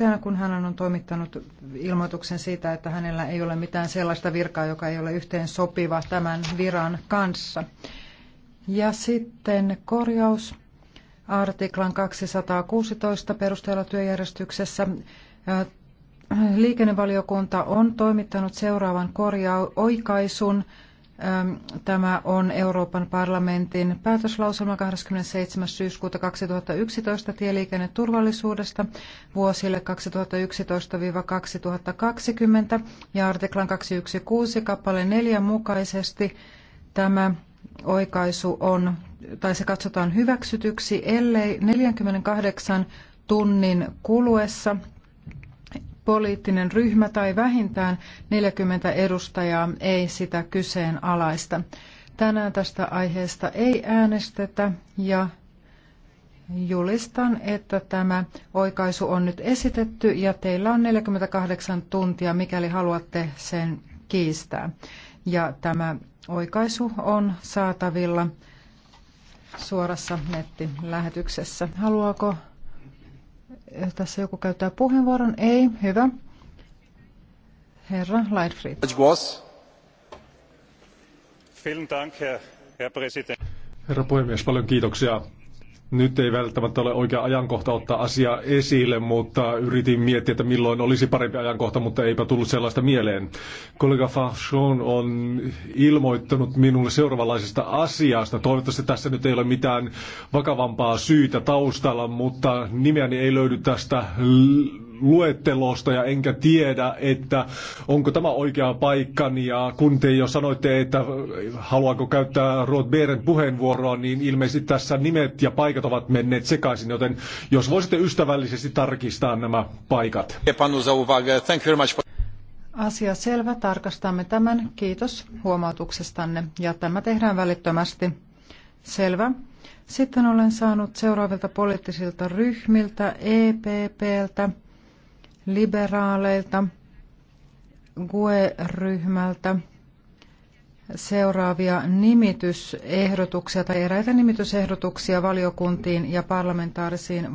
edustajana, kun hän on toimittanut ilmoituksen siitä, että hänellä ei ole mitään sellaista virkaa, joka ei ole yhteen sopiva tämän viran kanssa. Ja sitten korjaus artiklan 216 perusteella työjärjestyksessä. Liikennevaliokunta on toimittanut seuraavan korjau- oikaisun Tämä on Euroopan parlamentin päätöslauselma 27. syyskuuta 2011 tieliikenneturvallisuudesta vuosille 2011-2020 ja artiklan 216 kappale 4 mukaisesti tämä oikaisu on, tai se katsotaan hyväksytyksi, ellei 48 tunnin kuluessa poliittinen ryhmä tai vähintään 40 edustajaa ei sitä kyseenalaista. Tänään tästä aiheesta ei äänestetä ja Julistan, että tämä oikaisu on nyt esitetty ja teillä on 48 tuntia, mikäli haluatte sen kiistää. Ja tämä oikaisu on saatavilla suorassa nettilähetyksessä. Haluaako tässä joku käyttää puheenvuoron. Ei, hyvä. Herra Leitfried. Herra puhemies, paljon kiitoksia. Nyt ei välttämättä ole oikea ajankohta ottaa asiaa esille, mutta yritin miettiä, että milloin olisi parempi ajankohta, mutta eipä tullut sellaista mieleen. Kollega Fashon on ilmoittanut minulle seuraavanlaisesta asiasta. Toivottavasti tässä nyt ei ole mitään vakavampaa syytä taustalla, mutta nimeäni ei löydy tästä luettelosta ja enkä tiedä, että onko tämä oikea paikka. Ja kun te jo sanoitte, että haluanko käyttää Ruot Beeren puheenvuoroa, niin ilmeisesti tässä nimet ja paikat ovat menneet sekaisin, joten jos voisitte ystävällisesti tarkistaa nämä paikat. Asia selvä. Tarkastamme tämän. Kiitos huomautuksestanne. Ja tämä tehdään välittömästi. Selvä. Sitten olen saanut seuraavilta poliittisilta ryhmiltä, EPPltä, liberaaleilta, GUE-ryhmältä seuraavia nimitysehdotuksia tai eräitä nimitysehdotuksia valiokuntiin ja parlamentaarisiin